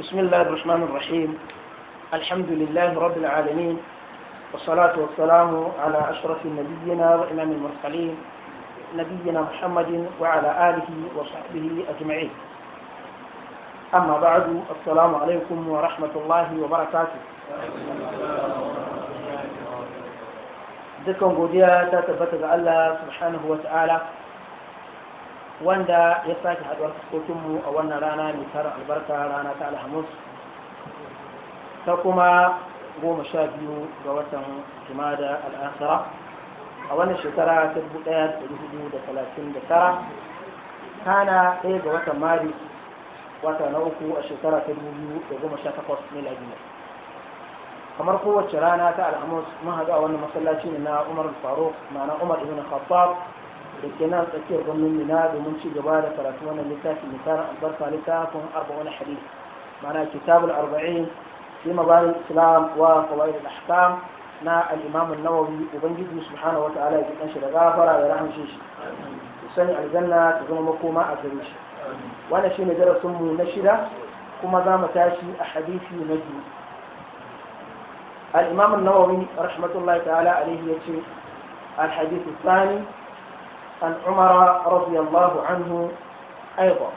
بسم الله الرحمن الرحيم الحمد لله رب العالمين والصلاة والسلام على أشرف نبينا وإمام المرسلين نبينا محمد وعلى آله وصحبه أجمعين أما بعد السلام عليكم ورحمة الله وبركاته ذكر قديا ta الله سبحانه وتعالى wanda ya sake haɗuwar fuskokinmu a wannan rana mai tara albarka rana ta alhamus ta kuma goma sha biyu ga watan jumada al'asara a wannan shekara ta dubu ɗaya da biyu da talatin da tara kana ɗaya ga watan mari wata na uku a shekara ta dubu biyu da goma sha takwas miladiya kamar kowace rana ta alhamus mun haɗu a wannan masallaci ne na umar faruk ma'ana umar ibn khattab da ke nan tsakiyar birnin mina domin ci gaba da karatu wannan littafin mai tarin albarka littafin arba'un hadis ma'ana kitabul arba'in fi mabarin islam wa qawaid da ahkam na al-imam nawawi ubangiji subhanahu wa ta'ala ya kidan shi da gafara da rahamshe shi sani aljanna ta zama makoma a gare shi wannan shine darasin mu na shida kuma za mu tashi a hadisi na biyu al-imam nawawi rahmatullahi ta'ala alayhi yace al-hadith الثاني عن عمر رضي الله عنه أيضا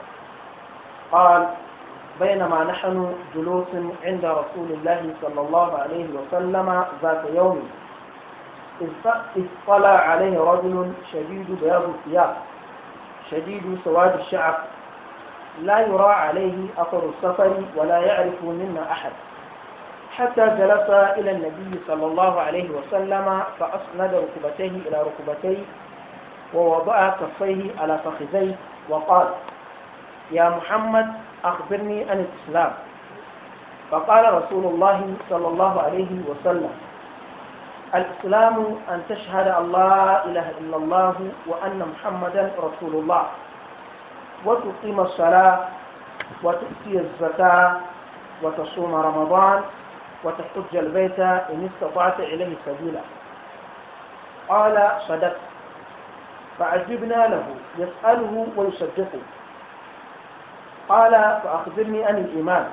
قال بينما نحن جلوس عند رسول الله صلى الله عليه وسلم ذات يوم اطلع عليه رجل شديد بياض الثياب شديد سواد الشعر لا يرى عليه أثر السفر ولا يعرف منا أحد حتى جلس إلى النبي صلى الله عليه وسلم فأسند ركبتيه إلى ركبتيه ووضع كفيه على فخذيه وقال يا محمد أخبرني عن الإسلام فقال رسول الله صلى الله عليه وسلم الإسلام أن تشهد أن لا إله إلا الله وأن محمدا رسول الله وتقيم الصلاة وتؤتي الزكاة وتصوم رمضان وتحج البيت إن استطعت إليه سبيلا قال صدقت فعجبنا له يسأله ويصدقه قال فأخبرني عن الإيمان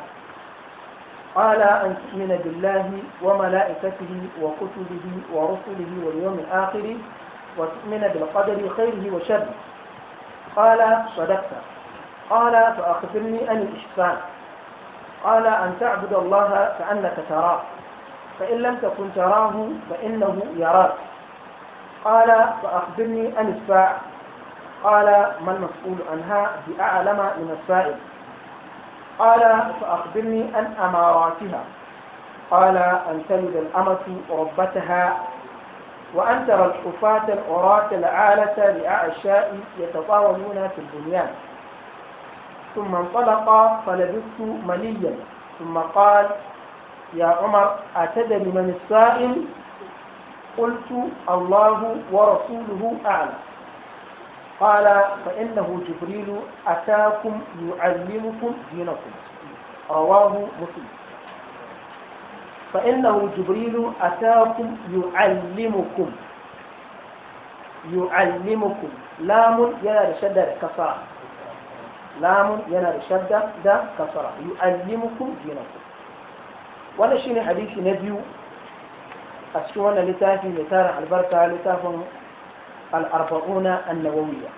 قال أن تؤمن بالله وملائكته وكتبه ورسله واليوم الآخر وتؤمن بالقدر خيره وشره قال صدقت قال فأخبرني عن الإحسان قال أن تعبد الله كأنك تراه فإن لم تكن تراه فإنه يراك قال فأخبرني عن الساعة قال ما المسؤول عنها بأعلم من السائل قال فأخبرني عن أماراتها قال أن تلد الأمة ربتها وأن ترى الحفاة العراة العالة لأعشاء يتطاولون في البنيان ثم انطلق فلبثت مليا ثم قال يا عمر أتدري من السائل قلت الله ورسوله أعلم قال فإنه جبريل أتاكم يعلمكم دينكم رواه مسلم فإنه جبريل أتاكم يعلمكم يعلمكم لام ينال شدة كسرة لام ينال شدة كسرة يعلمكم دينكم ولا شيء حديث نبي a cikin wannan littafi mai tarin albarka littafin al'arba'una annabawiya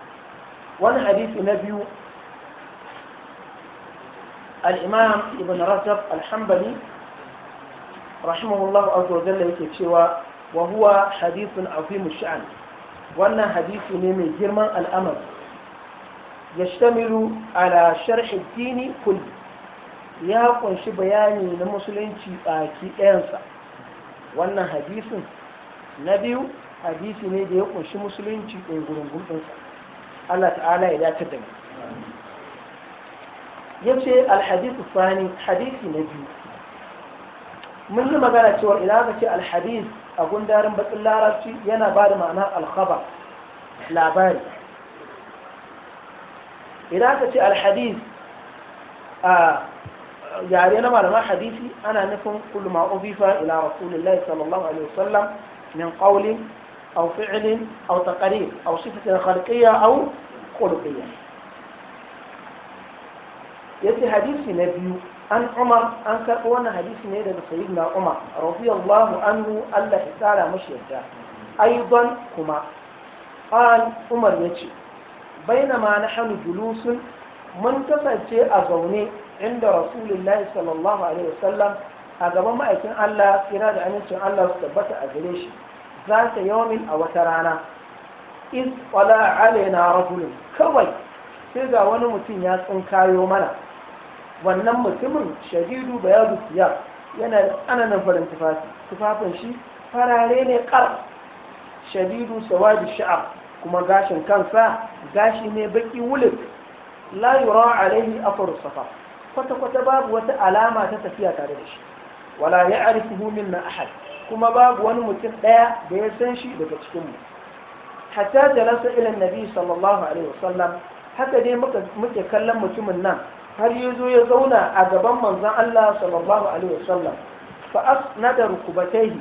wani hadisi na biyu al'imam ibn rajab alhambali rahimahullahu azza wa jalla yake cewa wa huwa hadithun azimu sha'an wannan hadisi ne mai girman al'amari yashtamilu ala sharhi dini kulli ya kunshi bayani na musulunci baki ɗayansa wannan hadisin na biyu hadisi ne da ya kunshi musulunci ɗin gurin gudunsa Allah ta'ala ya dace da mu ya ce alhadisu sani hadisi na biyu mun yi magana cewa idan ka ce alhadis a gundarin batsin larabci yana ba da ma'ana alkhaba labari idan ka ce alhadis a yare na malaman hadisi ana nufin kullu ma ubifa ila rasulillahi sallallahu alaihi wasallam min qawlin aw fi'lin aw taqrir aw sifatin khalqiyya aw khuluqiyya yace hadisi na biyu an umar an karɓo wannan hadisi ne daga sayyidina umar radiyallahu anhu Allah ya tsara mashi yadda aidan kuma qal umar yace bainama nahnu julusun mun kasance a zaune inda rasulullahi sallallahu alaihi wasallam a gaban ma'aikin Allah kira da amincin Allah su tabbata a gare shi za ta yawmin a wata rana iz qala alaina rajulun kawai sai ga wani mutum ya tsinkayo mana wannan mutumin shahidu bayadu yana da tsananin farin tufafi tufafin shi farare ne kar shadidu sawadi sha'a. kuma gashin kansa gashi ne baki wulik la yura alaihi afar safa kwata-kwata babu wata alama ta tafiya tare da shi wala ya humin na ahad kuma babu wani mutum ɗaya da ya san shi daga cikinmu hatta jalasa ilin nabi sallallahu alaihi wasallam haka dai muke kallon mutumin nan har yi zo ya zauna a gaban manzan Allah sallallahu alaihi wasallam fa da rukubatai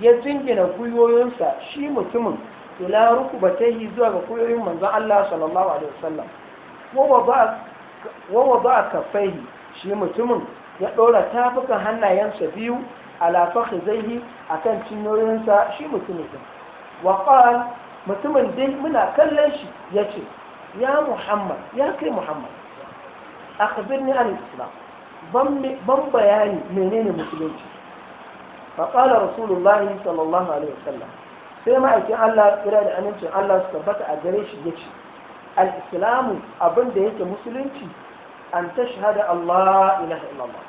ya jingina kuyoyinsa shi mutumin tula rukubatai zuwa ga kuyoyin manzan Allah sallallahu alaihi wasallam wa a kafaihi shi mutumin ya ɗora tafukan hannayensa biyu ala a kan cinyoyinsa shi mutumin din wa mutumin dai muna kallon shi yace ya muhammad ya kai muhammad akhbirni al islam ban bayani menene musulunci fa rasulullahi sallallahu alaihi wasallam sai ma'aikin Allah kira da amincin Allah su tabbata a gare shi yace al-islamu abin da yake musulunci an tashhada Allah ilaha illallah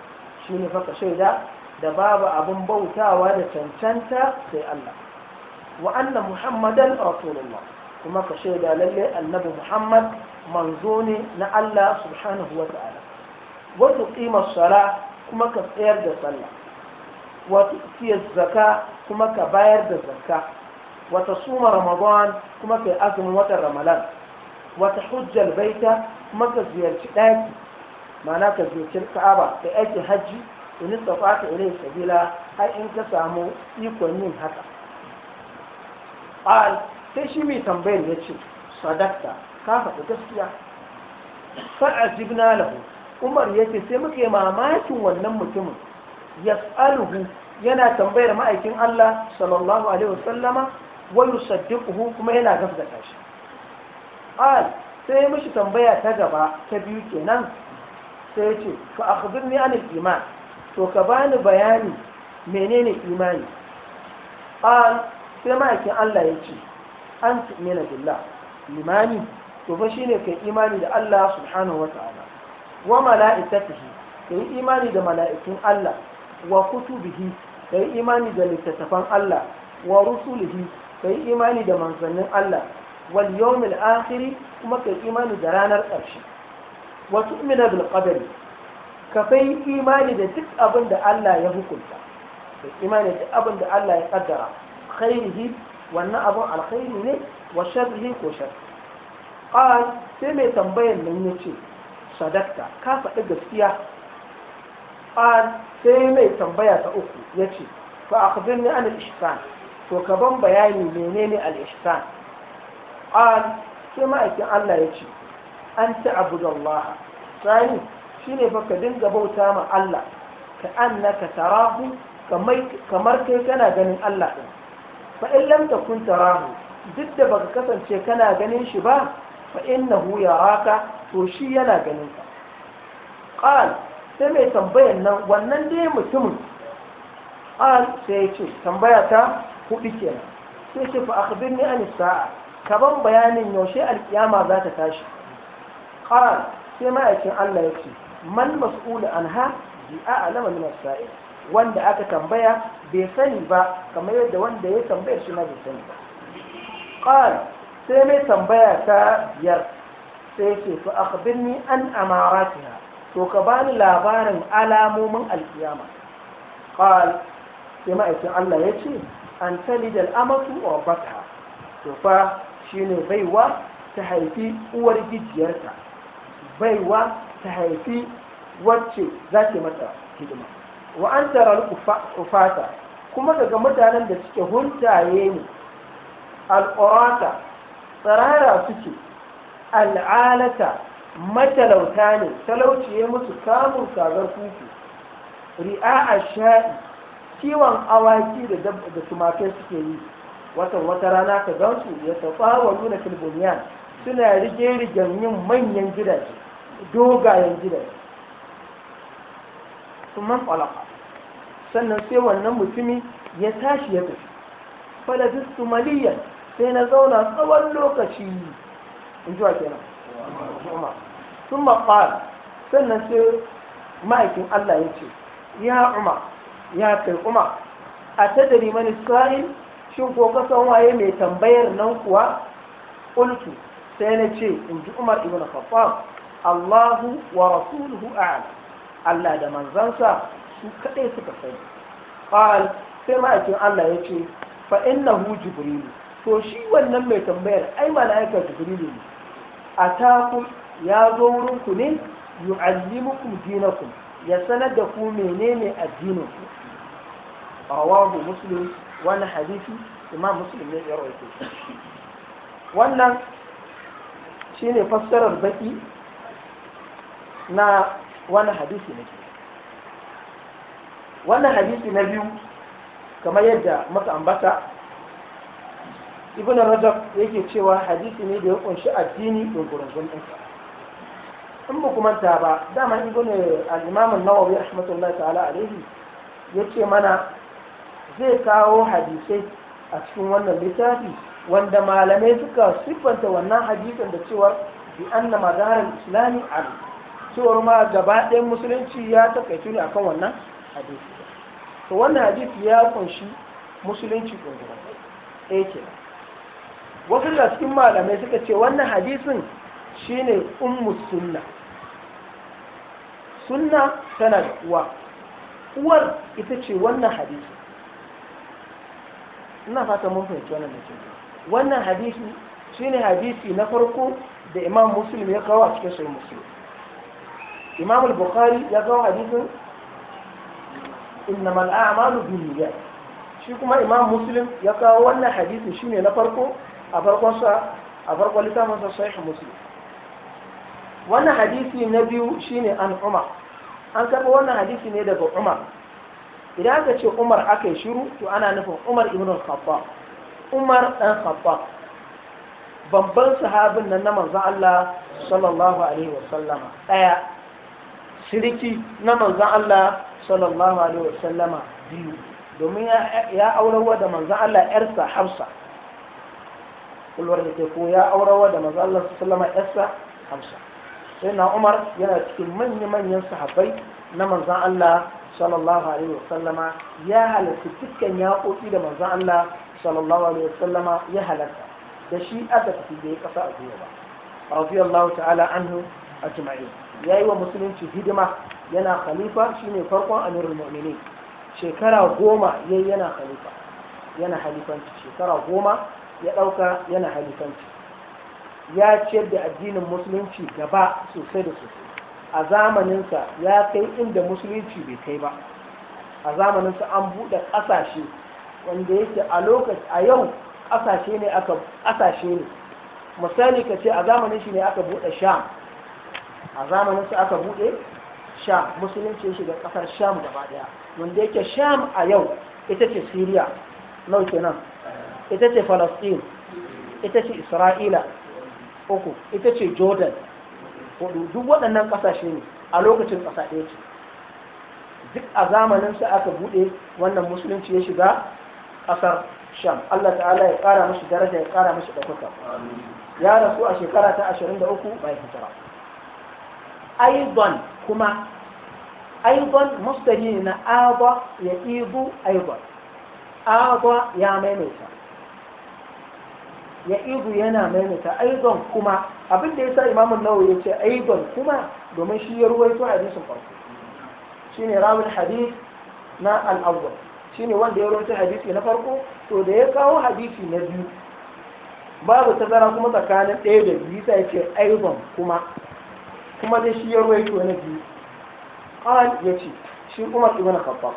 shine faka shaida da babu abun bautawa da cancanta sai Allah wa anna muhammadan rasulullah kuma ka shaida lalle annabi muhammad manzo ne na Allah subhanahu wa ta'ala wa tuqima sala kuma ka tsayar da sallah wa tuqiya kuma ka bayar da zakka wa tasuma ramadan kuma ka azumin watan ramadan wa tahujja baita kuma ka ziyarci daki mana ka ziyarci ka'aba da aiki hajji in fata ilai sabila har in ka samu ikon yin haka Al sai shi mai tambayar ya ce sadakta ka faɗi gaskiya fa'ajibna lahu umar ya ce sai muka yi mamakin wannan mutumin yas'aluhu yana tambayar ma'aikin Allah sallallahu alaihi wasallama wani yusaddiquhu kuma yana gaskata shi Al sai mishi tambaya ta gaba ta biyu kenan sai ya ce fa akhbirni anil iman to ka bani bayani menene imani An, sai ma'aikin Allah ya ce an tu'mina billah imani to fa shine kai imani da Allah subhanahu wa ta'ala wa mala'ikatihi kai imani da mala'ikun Allah wa kutubihi kai imani da littattafan Allah wa rusulihi kai imani da manzannin Allah wal yawmil akhir kuma kai imani da ranar ƙarshe Wasu tu'mina bil ka fai imani da duk abin da Allah ya hukunta da imani da duk abin da Allah ya kaddara khairihi wannan abin alkhairi ne wa sharrihi ko shar qal sai mai tambayan nan yace sadakta ka faɗi gaskiya qal sai mai tambaya ta uku yace fa akhbirni an al-ihsan to ka ban bayani menene al-ihsan qal sai ma'aikin Allah yace an ta'budu Allah sani shine fa ka dinga bauta ma Allah ka annaka tarahu kamar kai kana ganin Allah din fa in lam takun tarahu duk da baka kasance kana ganin shi ba fa innahu yaraka to shi yana ganin ka qal sai mai tambayan nan wannan dai mutumin qal sai ya ce tambaya ta hudu kenan sai ce fa akhbirni an sa'a ka ban bayanin yaushe alkiyama za ta tashi qala sai ma'aikin Allah yace man an anha bi a'lama min as-sa'il wanda aka tambaya bai sani ba kamar yadda wanda ya tambaya shi ma bai sani ba qala sai mai tambaya ta biyar sai yace fa akhbirni an amaratiha to ka bani labarin alamomin alkiyama qal sai ma'aikin Allah yace an talidal amatu wa bata to fa shine baiwa ta haifi uwar gijiyarta baiwa ta haifi wacce za ke mata hidima wa an tara kufata kuma daga mutanen da suke huntaye ne al'orata tsarara suke al'alata matalauta ne talauci talauciye musu kamun kagar kuku ri'a a sha'i kiwon awaki da tumakai suke yi watan wata rana ka gansu ya tafawa nuna filbuniyan suna rige-rigen yin manyan gidaje dogayen gidan sun man sannan sai wannan mutumi ya tashi ya tafi falafistu maliyan sai na zauna tsawon lokaci in ji wake na sun sannan sai ma'aikin allah ya ce ya umma, ya kai kuma, a tadari mani sa'il shi ko kasan waye mai tambayar nan kuwa ƙulki sai na ce in ji umar ibn khattab Allahu wa rasuluhu a'lam Allah da manzansa su kadai suka sani qal sai ma'aikin Allah ya ce fa innahu jibrilu to shi wannan mai tambayar ai mala'ika jibrilu ne ataku ya zo wurin ku ne yu'allimukum dinakum ya sanar da ku menene addinin ku rawahu muslim wannan hadisi imam muslim ne ya rawaito wannan shine fassarar baki na wani hadisi na biyu wannan hadisi na biyu kamar yadda maka ambata ibn rajab yake cewa hadisi ne da ya kunshi addini gurgurun ɗinsa in ba kuma ta ba dama ibn al-imam nawawi rahmatullahi ta'ala alaihi ce mana zai kawo hadisai a cikin wannan littafi wanda malamai suka siffanta wannan hadisin da cewa bi anna mazharal islami alim cewar ma gaba ɗayan musulunci ya takaitu ne akan wannan hadisi to wannan hadisi ya kunshi musulunci ɗungura ɗaya eh ke wasu da cikin malamai suka ce wannan hadisin shine ummu sunna sunna tana da uwa uwar ita ce wannan hadisi ina fata mun fahimci wannan da ke wannan hadisi shine hadisi na farko da imam muslim ya kawo a cikin sai muslim imam al-bukhari ya kawo hadisin innamal a'malu binniyat shi kuma imam muslim ya kawo wannan hadisi shine na farko a farkon sa a farkon littafin sa sahih muslim wannan hadisi na biyu shine an umar an karba wannan hadisi ne daga umar idan aka ce umar aka yi shiru to ana nufin umar ibn al-khattab umar dan khattab babban sahabin nan na manzo Allah sallallahu alaihi wa wasallama daya shiriki na manzan Allah sallallahu alaihi wasallama biyu domin ya aurawa da manzan Allah yarsa hamsa kulwar da ke ko ya aurawa da manzan Allah sallallahu alaihi wasallama yarsa sai na Umar yana cikin manya-manyan sahabbai na manzan Allah sallallahu alaihi wasallama ya halarci dukkan yaƙoƙi da manzan Allah sallallahu alaihi wasallama ya halarta da shi aka tafi da ya ƙasa a zuwa ba radiyallahu ta'ala anhu jima'i. ya yi wa musulunci hidima yana khalifa shine farkon amirul mu'minin shekara goma ya yana khalifa yana halifanci shekara goma ya ɗauka yana halifanci ya ciyar da addinin musulunci gaba sosai da sosai a zamaninsa ya kai inda musulunci bai kai ba a zamaninsa an buɗe ƙasashe wanda yake a lokaci a yau ƙasashe ne aka ƙasashe ne misali ka ce a zamanin shi ne aka buɗe sham a zamanin su aka buɗe sha musulunci ya shiga ƙasar sham gaba ɗaya wanda yake sham a yau ita ce syria nau kenan ita ce palestine ita ce isra'ila uku ita ce jordan hudu duk waɗannan ƙasashe ne a lokacin ƙasa ce duk a zamanin su aka buɗe wannan musulunci ya shiga ƙasar sham allah ta'ala ya ƙara mashi daraja ya ƙara mashi ɗaukaka ya rasu a shekara ta 23 bai hijira aibon kuma aibon mustari ne na agwa, ya ibu aibon Agwa ya maimaita ya ibu yana maimaita aibon kuma abin da sa imamun nawa ya ce aibon kuma domin shi ya ruwaito hadisin farko ne rawar hadith na al Shi ne wanda ya rawaito hadisi na farko to da ya kawo hadisi na biyu babu tazara kuma tsakanin ɗaya da biyu sai ya ce aibon kuma kuma dai shi ya ruwaito na biyu qal yace shi Umar ibn Khattab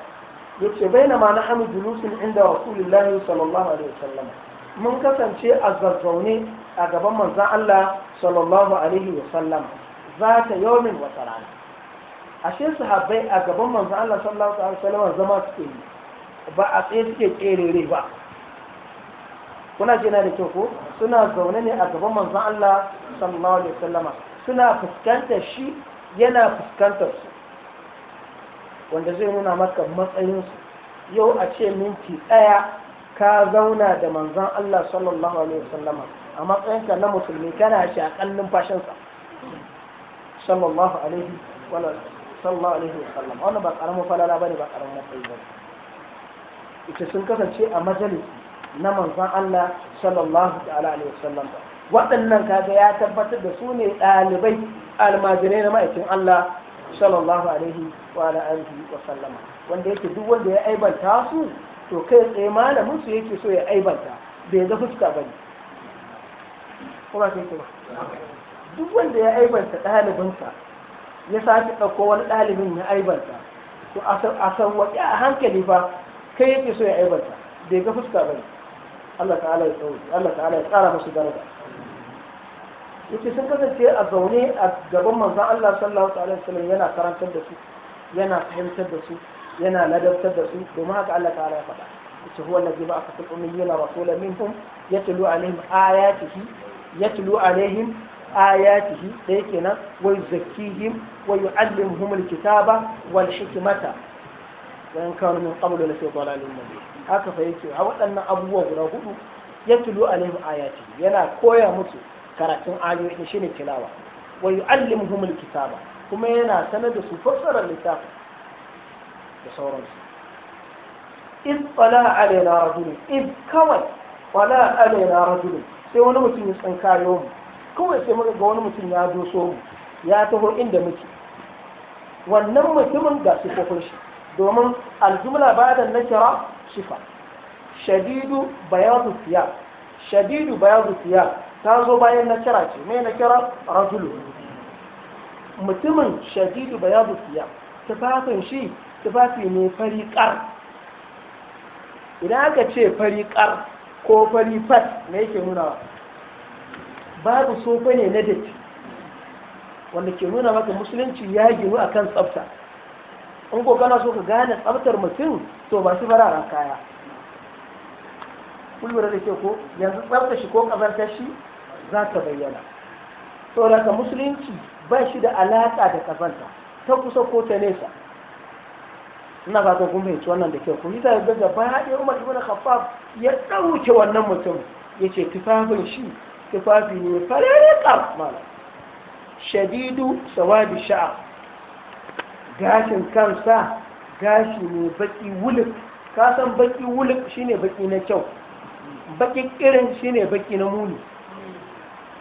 yace na nahnu julusun inda Rasulullahi sallallahu alaihi wasallam mun kasance a zazzaune a gaban manzon Allah sallallahu alaihi wasallam zata yawmin wa rana ashe sahabbai a gaban manzon Allah sallallahu alaihi wasallam zama suke yi ba a tsaye suke kerere ba kuna ce na da kyau ko suna zaune ne a gaban manzon Allah sallallahu alaihi wasallam suna fuskantar shi yana fuskantar su wanda zai nuna maka matsayinsu yau a ce minti ɗaya ka zauna da manzan Allah sallallahu alaihi wasallama a matsayinka na musulmi kana shi a kallon fashinsa sallallahu alaihi wasallam wani ba ƙaramin falala ne, ba ƙaramin matsayi ba ita sun kasance a majalisi na manzan Allah sallallahu alaihi wasallam waɗannan kaga ya tabbatar da su ne ɗalibai almajirai na ma'aikin Allah sallallahu alaihi wa alihi wa sallama wanda yake duk wanda ya aibanta su to kai tsaye malamin su yake so ya aibanta bai ga fuska bane kuma sai kuma duk wanda ya aibanta ɗalibinsa ya sake ɗauko wani ɗalibin ya aibanta to a san a hankali fa kai yake so ya aibanta bai ga fuska bane Allah ta'ala ya tsara masu daraja yake sun kasance a zaune a gaban manzon Allah sallallahu alaihi wasallam yana karantar da su yana fahimtar da su yana ladabtar da su domin haka Allah ta'ala ya faɗa yace huwa allazi ba'atha fil ummiyina rasulan minhum yatlu alaihim ayatihi yatlu alaihim ayatihi dai kenan wa yuzakkihim wa yu'allimuhum alkitaba wal hikmata wa kanu min qablu la fi dhalalin mubin haka fa yake a waɗannan abubuwa guda hudu yatlu alaihim ayatihi yana koya musu karatun ayoyi shine tilawa wa yu'allimuhum alkitaba kuma yana sanar da su fassara littafin da sauransu in qala alaina rajul in kawai qala alaina rajul sai wani mutum ya tsinkayomu, mu kawai sai muka ga wani mutum ya so mu ya taho inda muke wannan mutumin ga sifofin shi domin aljumla ba da nakira shifa shadidu bayadu shadidu bayadu siya ta zo bayan na kira ce mai kira rajulu mutumin shadidu bayadu fiya tufafin shi tufafi ne fariƙar idan aka ce fariƙar ko fari fat me yake nuna babu sofa ne na dati wanda ke nuna maka musulunci ya ginu a kan tsafta in ko so ka gane tsaftar mutum to ba su fararen kaya kun lura da ke ko yanzu shi ko kazartar shi za ta bayyana saboda musulunci ba shi da alaƙa da kazanta ta kusa ko ta nesa ina fatan kun fahimci wannan da kyau kun yi zai gaza ba ya umar ibn khaffaf ya ɗauke wannan mutum ya ce tufafin shi tufafi ne fararraƙa mana shadidu sawadi sha'a gashin kansa gashi ne baki wulik ka san baki wulik shine baki na kyau baki irin shi ne baki na muni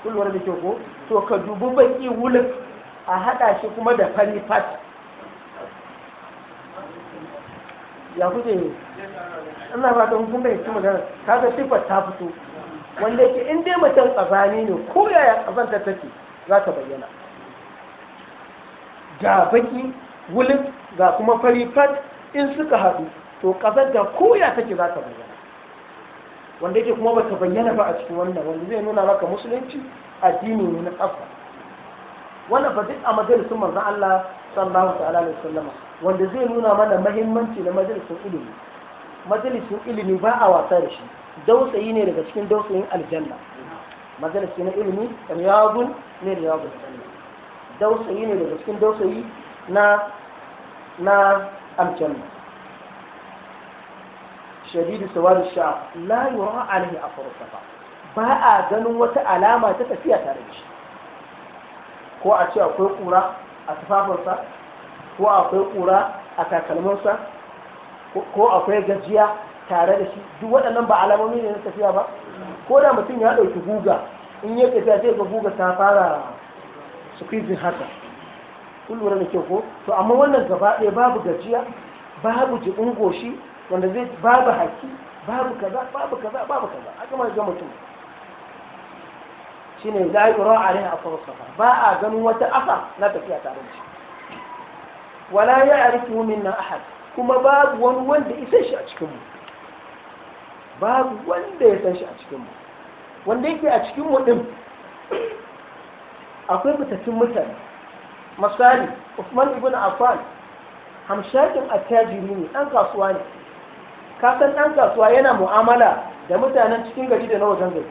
kulwar da ke ko to ka dubi baki wulin a haɗa shi kuma da fari fat ya kuce ne ina ba ta hukun ya ci magana ga sifar ta fito wanda yake in dai mutum tsazani ne ko yaya tsazanta take za ta bayyana ga baki wulin ga kuma fari fat in suka haɗu to ƙazanta da koya take za ta bayyana wanda yake kuma bata bayyana ba a cikin wannan wanda zai nuna maka musulunci addini ne na tsafta wannan fa duk a majalisun manzon Allah sallallahu ta'ala alaihi wasallama wanda zai nuna mana mahimmanci na majalisun ilimi majalisun ilimi ba a wasa da shi dausayi ne daga cikin dausayin aljanna majalisi na ilimi riyadun ne riyadun dausayi ne daga cikin dausayi na na aljanna shadidu sawadu sha la yura alaihi afru safa ba a ganin wata alama ta tafiya tare da shi ko a ce akwai kura a tufafarsa, ko akwai kura a takalminsa ko akwai gajiya tare da shi duk waɗannan ba alamomi ne na tafiya ba ko da mutum ya ɗauki guga in ya tafiya zai ga guga ta fara squeezing haka kun lura da kyau ko to amma wannan gaba babu gajiya babu jikin goshi wanda zai babu haki babu kaza babu kaza babu kaza a ma ga mutum shine za yi ra'a ne a faru safa ba a ganin wata asa na tafiya tare da shi wala ya arifu minna ahad kuma babu wani wanda ya san shi a cikin mu babu wanda ya san shi a cikin mu wanda yake a cikin mu din akwai fitattun mutane misali Usman ibn Affan hamshakin attajiri ne ɗan kasuwa ne Kasan san ɗan kasuwa yana mu'amala da mutanen cikin gari da na wajen gari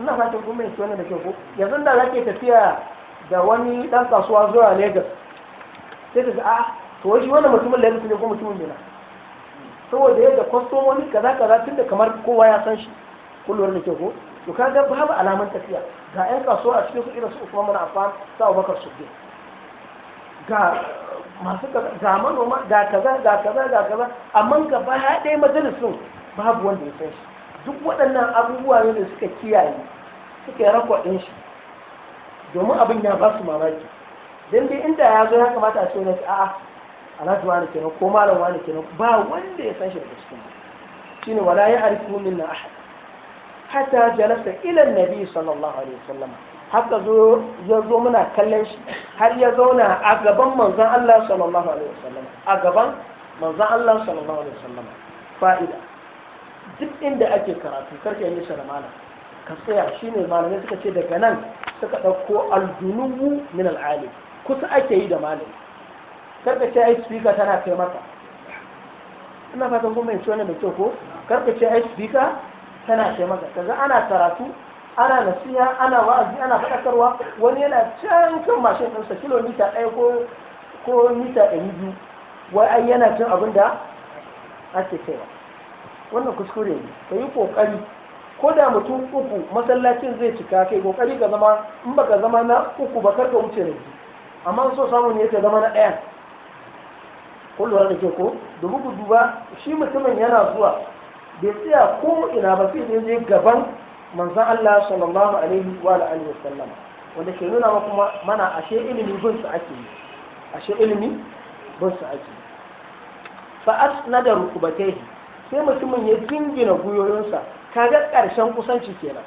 ina fatan kun mai wannan da kyau ko yanzu da zake tafiya da wani ɗan kasuwa zuwa Legas. sai ka ga a to shi wannan mutumin Lagos ne ko mutumin Mina saboda yadda kwastomomi kaza kaza da kamar kowa ya san shi kullum da kyau ko to kaga babu alamun tafiya ga 'yan kasuwa a cikin su irin su Usman Affan sa su biyu. ga masu ga manoma ga kaza ga kaza ga kaza amma gaba ya ɗaya majalisun babu wanda ya san shi duk waɗannan abubuwa ne da suka kiyaye suka yi rakwadin shi domin abin ya ba su mamaki don dai inda ya zo ya kamata a ce wani a'a alhaji wani kenan ko malam wani kenan ba wanda ya san shi daga cikin shine wala ya arifu minna ahad hatta jalasa ila nabi sallallahu alaihi wasallam haka ya zo muna kallon shi har ya zauna a gaban manzan Allah sallallahu alaihi wasallam a gaban manzan Allah sallallahu alaihi wasallam fa'ida duk inda ake karatu karka yi shi ramana ka tsaya shine malamai suka ce daga nan suka ɗauko aljunubu min al'alim kusa ake yi da malami karka ce ai speaker tana kai maka ina fatan kuma yanci wannan da kyau ko karka ce ai speaker tana kai maka kaga ana karatu ana nasiya ana wa'azi ana faɗakarwa wani yana can kan mashin ɗinsa kilomita ɗaya ko mita ɗari biyu wai ai yana cin abin da ake kaiwa wannan kuskure ne ka yi ƙoƙari ko da mutum uku masallacin zai cika kai ƙoƙari ka zama in baka zama na uku ba kar wuce da amma so samun ne ka zama na ɗaya ko da ke ko da bugu duba shi mutumin yana zuwa bai tsaya ko ina ba sai dai gaban manzan Allah sallallahu alaihi wa alihi sallam wanda ke nuna kuma mana ashe ilimi bin su ake yi ashe ilimi bin su ake yi fa asnada rukubatayhi sai mutumin ya dingina guyoyinsa kaga karshen kusanci kenan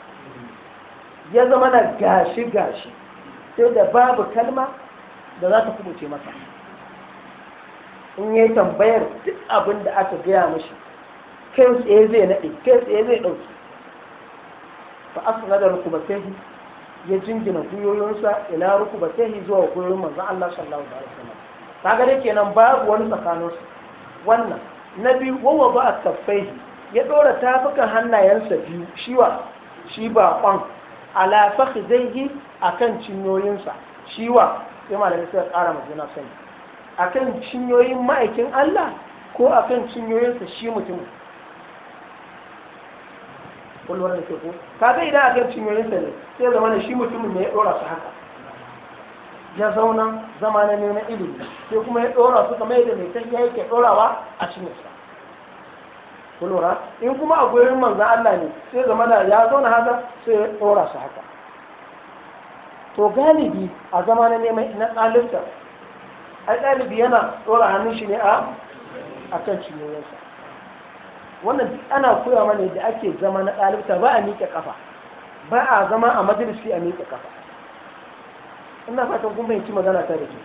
ya zama da gashi gashi sai da babu kalma da za ta kubuce masa in yi tambayar duk abin da aka gaya mashi kai tsaye zai naɗe kai tsaye zai ɗauki fa da rukubatayhi ya jingina guyoyinsa ila rukubatayhi zuwa guyoyin manzo Allah sallallahu alaihi wasallam kaga dai kenan babu wani tsakanin su wannan na wawa ba a ya dora tafukan hannayensa biyu wa shi baƙon ala fakhidaihi akan cinyoyinsa shiwa sai malami suka ƙara magana sani akan cinyoyin ma'aikin Allah ko akan cinyoyinsa shi mutumin kullum da ke ko kaga idan a garci mai rinsa ne sai zama ne shi mutumin ne ya dora su haka ya zauna zama na neman ilimi sai kuma ya dora su kamar yadda mai san ya yake dorawa a cikin sa kullura in kuma a gurin manzan Allah ne sai zama da ya zauna haka sai ya dora su haka to galibi a zama na neman na ɗalibta ai ɗalibi yana dora hannun shi ne a akan cinyoyinsa wannan duk ana koya mana da ake zama na ɗalibta ba a miƙe kafa ba a zama a majalisi a miƙe kafa ina fatan kun fahimci magana ta da ke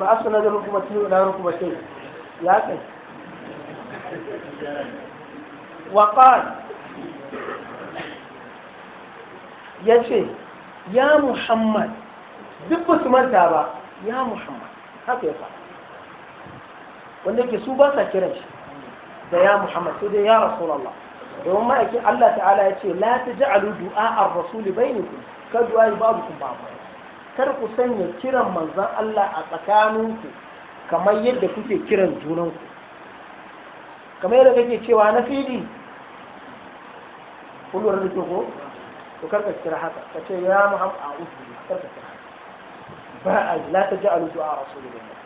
ba a suna zarar kuma ciwo na kuma sai ya kai waƙar ya ce ya muhammad duk ba su manta ba ya muhammad haka ya faɗa wanda yake su ba sa kiran shi da ya muhammad sai dai ya rasulullah domin ma'aikin allah ta'ala ya ce la ta ja'alu du'a ar-rasuli bainakum ka du'a babu ba ba'd kar ku sanya kiran manzon allah a tsakaninku kamar yadda kuke kiran junanku kamar yadda kake cewa na fili kullum da ko to karka kira haka ka ce ya muhammad a'udhu karka kira haka ba la ta ja'alu du'a ar-rasuli bainakum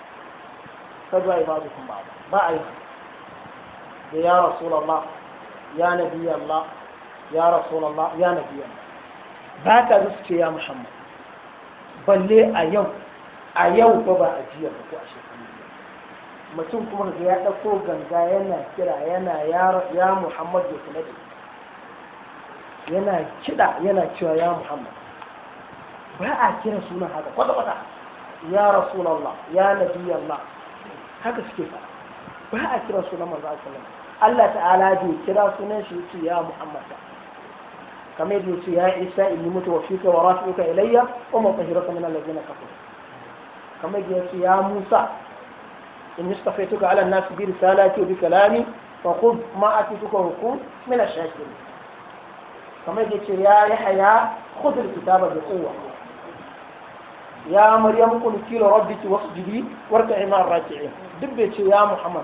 kada ya babu kuma ba a yi da ya rasulallah ya nabi Allah ya rasulallah ya nabi Allah ba ta da ce ya muhammad balle a yau a yau ba ba a jiya ba ko a shekaru mutum kuma da ya ɗauko ganga yana kira yana ya muhammad ya kula da yana kiɗa yana cewa ya muhammad ba a kira sunan haka kwata-kwata ya rasulallah ya nabi Allah haka suke fara ba a kira sunan manzo sallallahu Allah ta'ala bai kira sunan shi yace ya Muhammad kamar yadda yace ya Isa inni mutawaffika wa rafi'uka ilayya wa mutahhiruka min allazina kafaru kamar yadda yace ya Musa inni istafaituka ala an-nas bi risalati wa bi kalami fa khudh ma atituka wa kun min ash-shakirin kamar yadda yace ya Yahya khudh al-kitaba bi quwwah يا مريم قل كيل ربك واسجدي واركعي مع الراجعين دبيتي يا محمد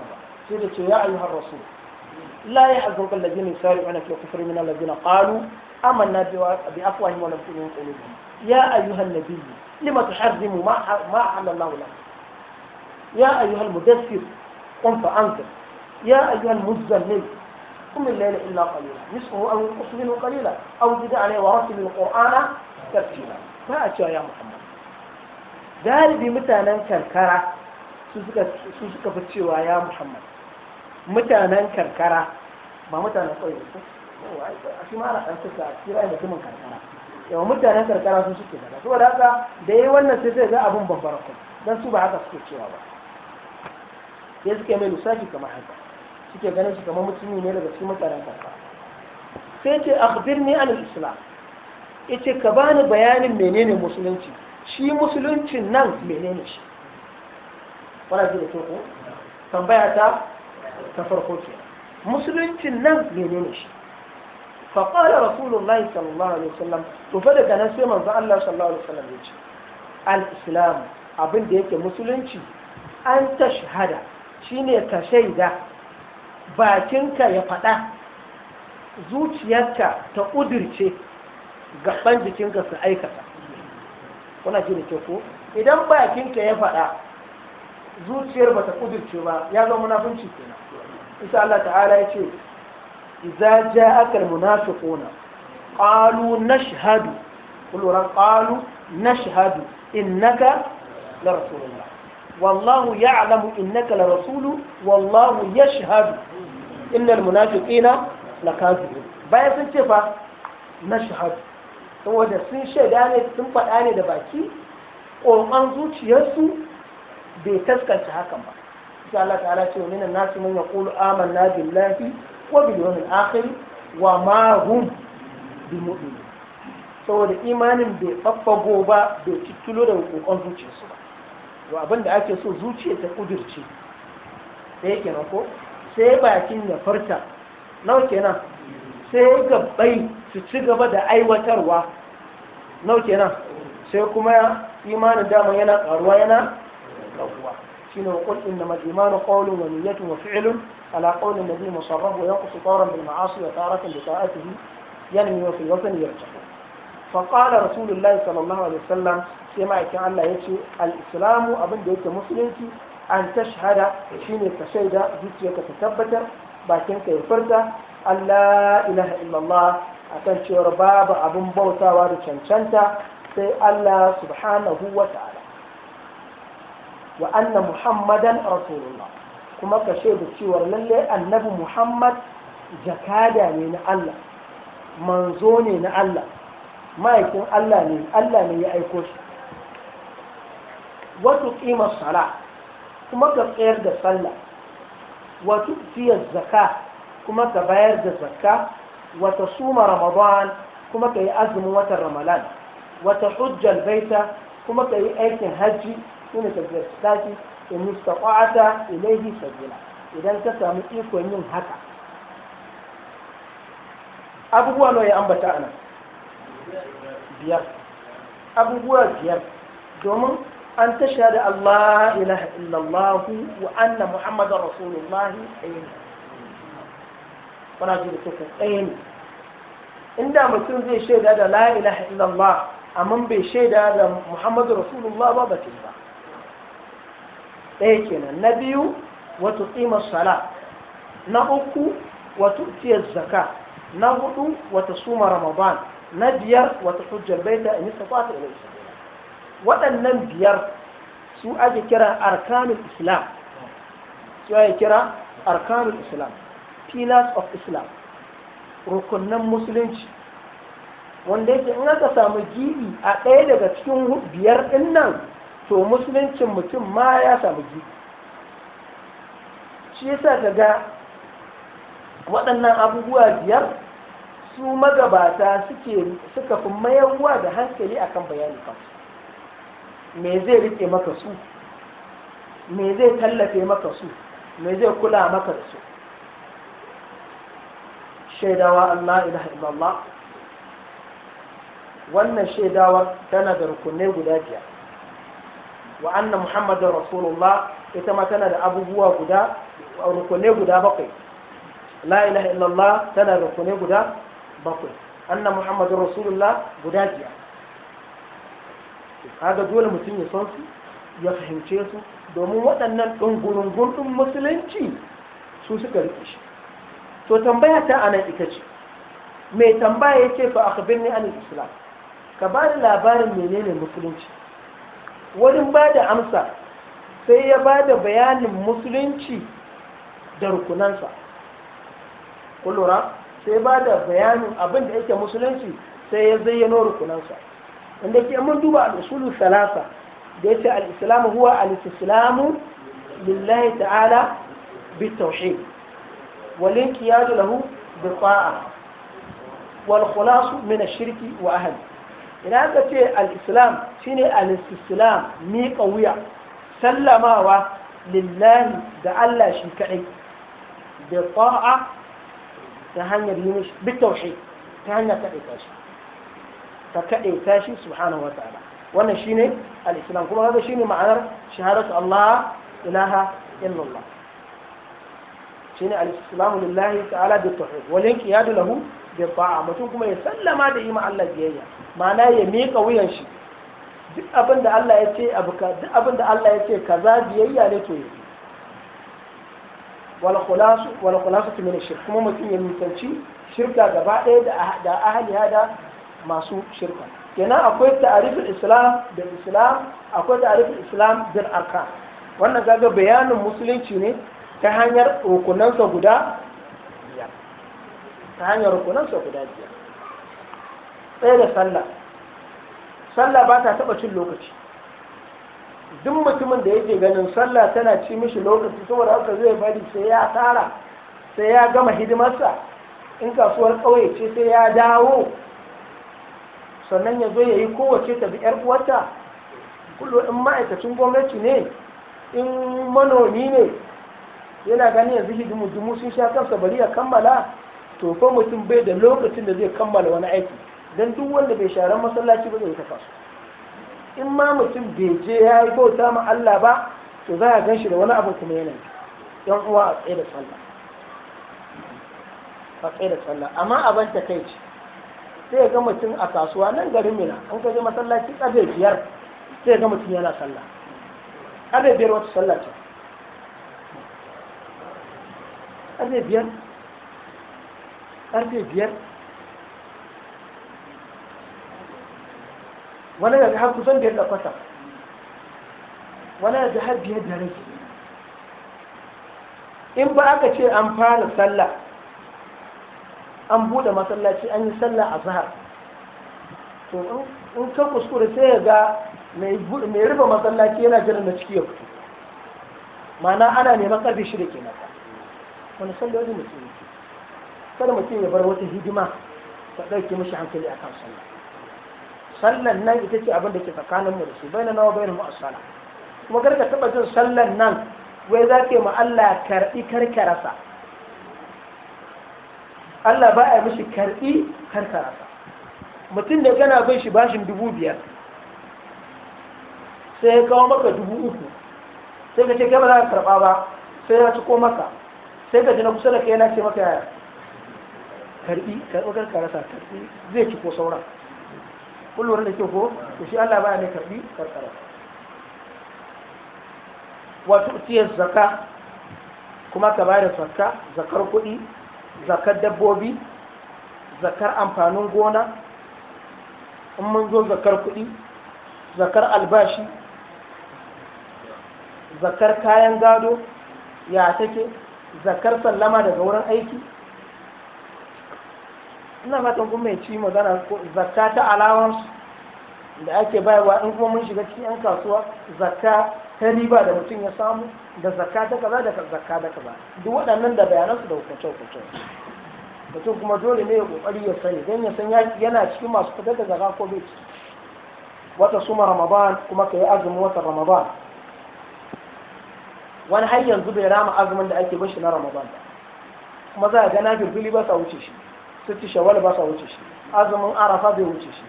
سيدتي يا ايها الرسول لا يحزنك الذين يسارعون في الكفر من الذين قالوا امنا بافواههم ولم تؤمنوا قلوبهم يا ايها النبي لما تحرم ما ما حل الله لك يا ايها المدثر قم فانكر يا ايها المزمل قم الليل الا قليلا نصفه او انقص منه قليلا او زد عليه ورتل القران ترتيلا ما اتى يا محمد galibi mutanen karkara su suka fi cewa ya muhammad mutanen karkara ba mutanen ƙauye ba a shi ma ana ɗan suka kira da mutumin karkara yawa mutanen karkara sun suke daga da haka da yi wannan sai sai ga abin babbar kuma don su ba haka suke cewa ba sai suke mai lissafi kamar haka suke ganin su kamar mutumi ne daga cikin mutanen karkara sai ce akhbirni an islam yace ka bani bayanin menene musulunci shi musuluncin nan menene shi wana ji da ko tambaya ta ta farko ke musuluncin nan menene shi fa qala rasulullahi sallallahu alaihi sallam. to fa daga nan sai manzo Allah sallallahu alaihi sallam ya ce Al'islam abinda yake musulunci an ta shahada. Shi ne ka shaida bakinka ya faɗa zuciyarka ta ƙudirce gaban jikinka su aikata kuna ji da ke ko idan bakinka ya faɗa zuciyar ba ta kudirce ba ya zama munafunci kenan isa Allah ta'ala ya ce idza ja'aka almunafiquna qalu nashhadu kulura qalu nashhadu innaka la rasulullah wallahu ya'lamu innaka la rasulu wallahu yashhadu innal munafiqina lakazibun bayan sun ce fa nashhadu saboda sun shaida ne sun faɗa ne da baki ƙoƙon zuciyarsu bai taskance hakan ba sai Allah ta'ala ce wa minan nasu man yaqulu amanna billahi wa bil yawmil akhir wa ma hum bimu'min saboda imanin bai faffago ba bai cicculo da ƙoƙon zuciyarsu ba to abin da ake so zuciya ta kudirce yake ko sai bakin ya furta nawa kenan sai gabbai su ci gaba da aiwatarwa nau kenan sai kuma imanin daman yana karuwa yana raguwa Shi ne qul inna al imanu qawlun wani niyyatun wa fi'lun ala qawli nabi musarraf wa yanqusu tawran bil ma'asi wa taratan bi ta'atihi yanmi wa fi watan yarta fa qala rasulullahi sallallahu alaihi wasallam sai ma'aikin Allah ya ce al'islamu abin da yake musulunci an ta shahada. Shi ne ka shaida zuciyarka ta tabbatar bakinka ya furta Allah ilaha illallah akan cewar babu abin bautawa da cancanta sai Allah subhanahu wa ta'ala wa anna muhammadan rasulullah kuma ka da cewar lalle annabi muhammad jakada ne na Allah manzo ne na Allah ma'aikin Allah ne Allah ne ya aiko shi wato ƙimar sala kuma ka tsayar da sallah wato fiyar zaka kuma ka bayar da zakka wata suma ramadan kuma ka yi azumin watan ramadan wata hujjal baita kuma ka yi aikin hajji shine ka ziyarci daki in mustaqata ilayhi sabila idan ka samu ikon yin haka abubuwa nawa ya ambata ana biyar abubuwa biyar domin an da Allah ilaha illallah wa anna muhammadar rasulullahi ayyuka kuna ji da ke ku tsaye ne inda mutum zai shaida da la ilaha illallah amma bai shaida da muhammadu rasulullah ba ba ba ɗaya kenan na biyu wata ƙimar sala na uku wata tiyar zaka na hudu wata suma ramadan na biyar wata hujjar baita in istata ila sabila waɗannan biyar su ake kira arkanul islam su ake kira arkanul islam pillars of islam rukunnan musulunci wanda yake in aka samu gibi a ɗaya daga cikin biyar ɗin nan to musuluncin mutum ma ya samu gibi shi yasa ka ga waɗannan abubuwa biyar su magabata suka fi mayarwa da hankali akan bayani kansu me zai rike maka su me zai tallafe maka su me zai kula maka da su shaidawa Allah ilaha illallah wannan shaidawa tana da rukunai guda biyar wa anna muhammadar rasulullah ita ma tana da abubuwa guda rukunai guda bakwai la ilaha illallah tana da rukunai guda bakwai anna muhammadar rasulullah guda biyar kaga dole mutum ya san su ya fahimce su domin waɗannan ɗungurungun ɗin musulunci su suka rikishi shi to tambaya ta anan ita ce mai tambaya ya ce fa akhbirni an islam ka ba da labarin menene musulunci wurin ba da amsa sai ya ba da bayanin musulunci da rukunansa kullura sai ba da bayanin abin da yake musulunci sai ya zayyano rukunansa wanda ke mun duba al'usulu salasa da ya ce al'islamu huwa al'islamu lillahi ta'ala bi والانقياد له بالطاعة والخلاص من الشرك وأهله ina ka ce al'islam shi ne al'islam miƙa wuya sallamawa lillahi da Allah shi kaɗai da ƙwa'a ta hanyar yi mishi bitaushe ta hanyar kaɗai tashi ta kaɗai tashi wa ta'ala wannan shi ne al'islam kuma haka shi ne ma'anar shaharatu Allah ilaha illallah shine al-islamu lillahi ta'ala bi tauhid wal inqiyadu lahu bi ta'a mutum kuma ya sallama da ima Allah biyayya ma'ana ya miƙa wuyan shi duk abin da Allah ya ce abu ka duk abin da Allah ya ce kaza biyayya ne to yi wal khulasu wal khulasu min shirk kuma mutum ya nisanci shirka gaba ɗaya da ah, da ahli hada masu shirka kenan akwai ta'arifin islam da islam akwai ta'arifin islam bil arkan wannan gaga bayanin musulunci ne ta hanyar rukunansa guda biyar ta hanyar rukunansa guda biyar ɗaya da sallah sallah ba ta taɓa cin lokaci duk mutumin da yake ganin sallah tana ci mishi lokaci saboda haka zai bari sai ya tara sai ya gama hidimarsa in kasuwar ƙauye ce sai ya dawo sannan ya zo ya yi kowace tafi yar uwarta kullum in ma'aikacin gwamnati ne in manomi ne yana gani yanzu hidimu dumu sun sha kansa bari ya kammala to fa mutum bai da lokacin da zai kammala wani aiki dan duk wanda bai sharan masallaci ba zai ta kasu in ma mutum bai je ya yi bauta ma Allah ba to za a gan shi da wani abu kuma yana yan uwa a tsaye da sallah a tsaye da sallah amma abin ta kai ce sai ga mutum a kasuwa nan garin mina an ka je masallaci ƙarfe biyar sai ga mutum yana sallah ƙarfe biyar wata sallah ce ƙarfe biyar ƙarfe biyar wani da har kusan biyar da kwata wani da har biyar da rai in ba aka ce an fara sallah an buɗe masallaci an yi sallah a zahar to in kan kuskure sai ya ga mai rufe masallaci yana jiran na ciki ya fito ma'ana ana neman ƙarfe ke kenan wani wani mutum yake kada mutum ya bar wata hidima ta ɗauke mashi hankali kan sallah sallan nan ita ce abin da ke mu da su bayanan nawa bayanan mu asala kuma kar ka taɓa jin sallan nan wai za ka ma Allah karɓi karkarasa Allah ba a yi mishi karɓi karkarasa mutum da gana bin shi bashin dubu biyar sai ya kawo maka dubu uku sai ka ce kai ba za ka karɓa ba sai ya ci ko maka sai ga jina kusa da kai yana ce maka yaya karbi karɓar karasa karbi zai ci ko sauran kullum da ke ko to shi Allah baya ne karbi karkara wato tiyar zakka kuma ka bayar zakka zakar kuɗi zakar dabbobi zakar amfanin gona in mun zo zakar kuɗi zakar albashi zakar kayan gado ya take zakar sallama daga wurin aiki ina fatan kuma ya ci magana zakka ta allowance da ake bayarwa in kuma mun shiga cikin 'yan kasuwa zakka ta riba da mutum ya samu da zakka ta kaza da zakka da kaza duk waɗannan da bayanan su da hukunce hukunce mutum kuma dole ne ya kokari ya sani dan ya san yana cikin masu fitar da zakka ko bai ciki wata suma ramadan kuma ka yi azumin wata ramadan wani har yanzu bai rama azumin da ake bashi na ramadan kuma za a ga nafilfili ba sa wuce shi sitti shawwal ba sa wuce shi azumin arafa bai wuce shi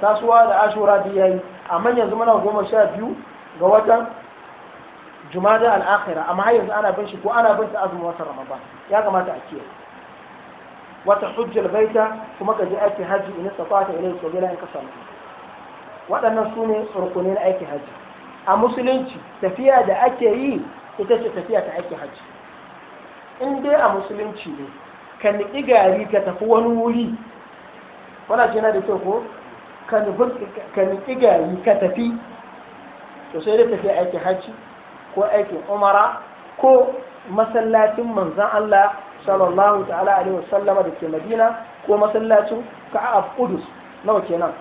tasuwa ah, da ashura da yayi amma yanzu muna goma sha biyu ga watan jumada al'akhira amma har yanzu ana bin shi ko ana bin ta azumin watan ramadan ya kamata a kiyaye wata hujjal baita kuma ka je aiki haji in safata ilai sabila in ka samu waɗannan su ne na aiki haji a musulunci tafiya da ake yi ita ce tafiya ta ake hajji in dai a musulunci ne ka niƙi gari ka tafi wani wuri wadda ce na da kyau ko ka niƙi gari ka tafi to sai dai tafiya ake hajji ko aikin umara ko masallacin manzan Allah sallallahu ta'ala alaihi wasallama da ke madina ko masallacin ka'ab kudus nawa kenan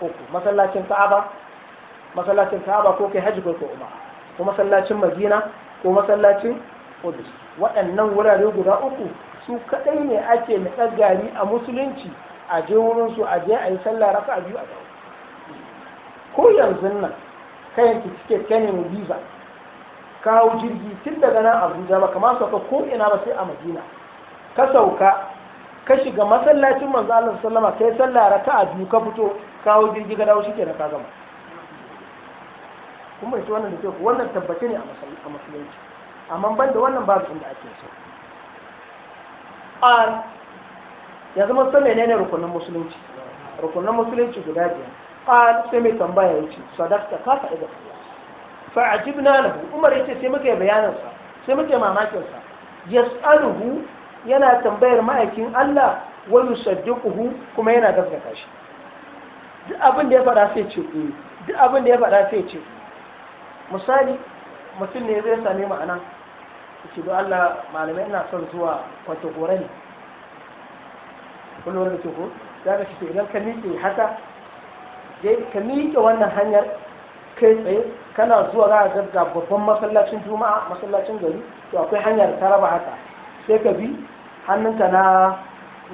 ko masallacin ka'aba masallacin Kaaba ko kai Hajji ko umma ko masallacin Madina ko masallacin Qudus waɗannan wurare guda uku su kadai ne ake mai gari a musulunci a je wurin su a je a yi sallah raka'a biyu a dawo ko yanzu nan kayan ki ticket mu visa kawo jirgi tun daga nan abuja ba kamar sauka ko ina ba sai a madina ka sauka ka shiga masallacin manzo Allah sallama kai sallah raka'a biyu ka fito kawo jirgi ga dawo shike da ka gama kuma shi wannan da ke wannan tabbace ne a musulunci amma ban da wannan babu inda ake so an zama mun ne ne rukunin musulunci rukunin musulunci guda biyar qal sai mai tambaya ce. Sadakta ka faɗi da fa ajibna lahu umar yace sai muke bayanin sa sai muke mamakin sa yas'aluhu yana tambayar ma'aikin Allah wa yusaddiquhu kuma yana gaskata shi duk abin da ya faɗa sai ce eh. duk abin da ya faɗa sai ce misali mutum ne zai sami ma'ana, anan ce do Allah malamai ina son zuwa kwantagora ne kullum da ke za ka ce idan ka miƙe haka dai ka miƙe wannan hanyar kai tsaye kana zuwa za a ga babban masallacin juma'a masallacin gari to akwai hanyar ta raba haka sai ka bi hannunka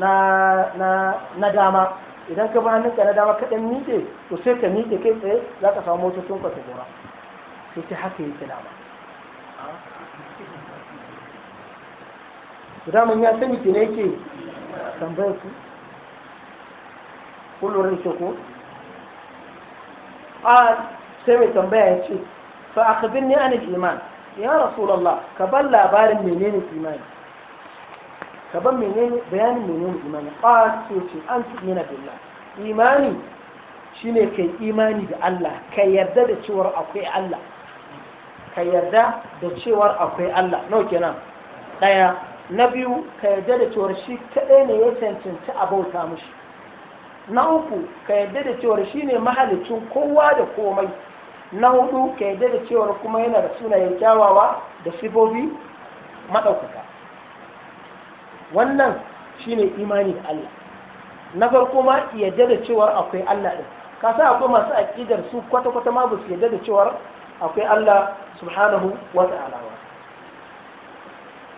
na dama idan ka bi hannunka na dama kaɗan ɗan miƙe to sai ka miƙe kai tsaye za ka samu motocin gora. to ta haka yake dama daman ya sani ki ne ke tambayar su kullum ce ko a sai mai tambaya ya ce fa a bin ne a iman ya rasulallah ka ban labarin menene imani ka ban menene bayanin ne imani a so ce an su tumina billah imani shine kai imani da Allah ka yarda da cewar akwai Allah ka yarda da cewar akwai Allah nau kenan ɗaya na biyu ka yarda da cewar shi kaɗai ne ya cancanci a bauta mushi na uku ka yarda da cewar shi ne mahalicin kowa da komai na hudu ka yarda da cewar kuma yana da sunayen kyawawa da sifofi maɗaukaka wannan ne imani da Allah na farko ma yarda da cewar akwai Allah ɗin ka sa akwai masu aƙidar su kwata-kwata ma ba su yarda da cewar akwai Allah subhanahu wa ta'ala ba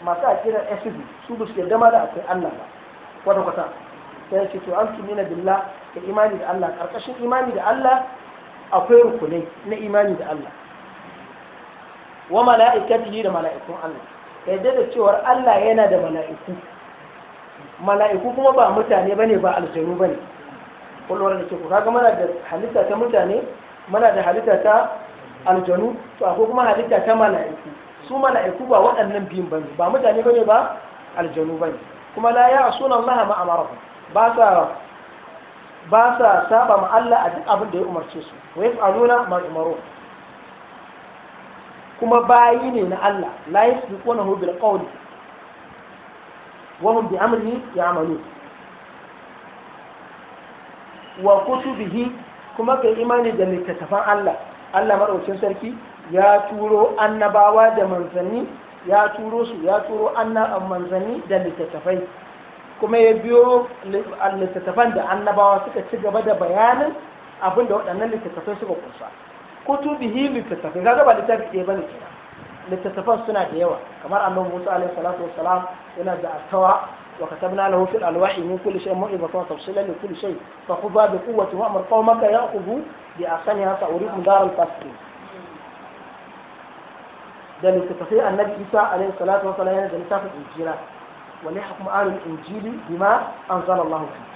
masu akidar SUV su ba su yarda ma da akwai Allah ba kwata kwata sai ce to an tumina billa da imani da Allah karkashin imani da Allah akwai rukunai na imani da Allah wa mala'ikatihi da mala'ikun Allah yadda da cewar Allah yana da mala'iku mala'iku kuma ba mutane bane ba aljanu bane kullum da ke ku kaga mana da halitta ta mutane mana da halitta ta aljanu to akwai kuma halitta ta mala'iku su mala'iku ba waɗannan biyun ba ba mutane bane ba aljanu bane kuma la ya asuna Allah ma amara ba sa ba sa saba ma Allah a duk abin da ya umarce su wa yaf'aluna ma umaru kuma bayi ne na Allah la hu bil qawli wa hum bi amrihi ya'malu wa kutubihi kuma kai imani da littattafan Allah Allah maɗaukin sarki ya turo annabawa da manzanni ya turo su ya turo manzanni da littattafai kuma ya biyo littattafan da annabawa suka ci gaba da bayanin abin da waɗannan littattafai suka kusa kutubihi littattafai ga gaba littafi ɗaya bane kenan littattafan suna da yawa kamar annabi Musa alaihi salatu wassalam yana da attawa وكتبنا له في الألواح من كل شيء موعظة وتفصيلا لكل شيء فخذها بقوة وأمر قومك يأخذوا بأحسنها سأريكم دار الفاسقين ده لتفصيل النبي عيسى عليه الصلاة والسلام ده لتفصيل الإنجيل ولحكم أهل الإنجيل بما أنزل الله فيه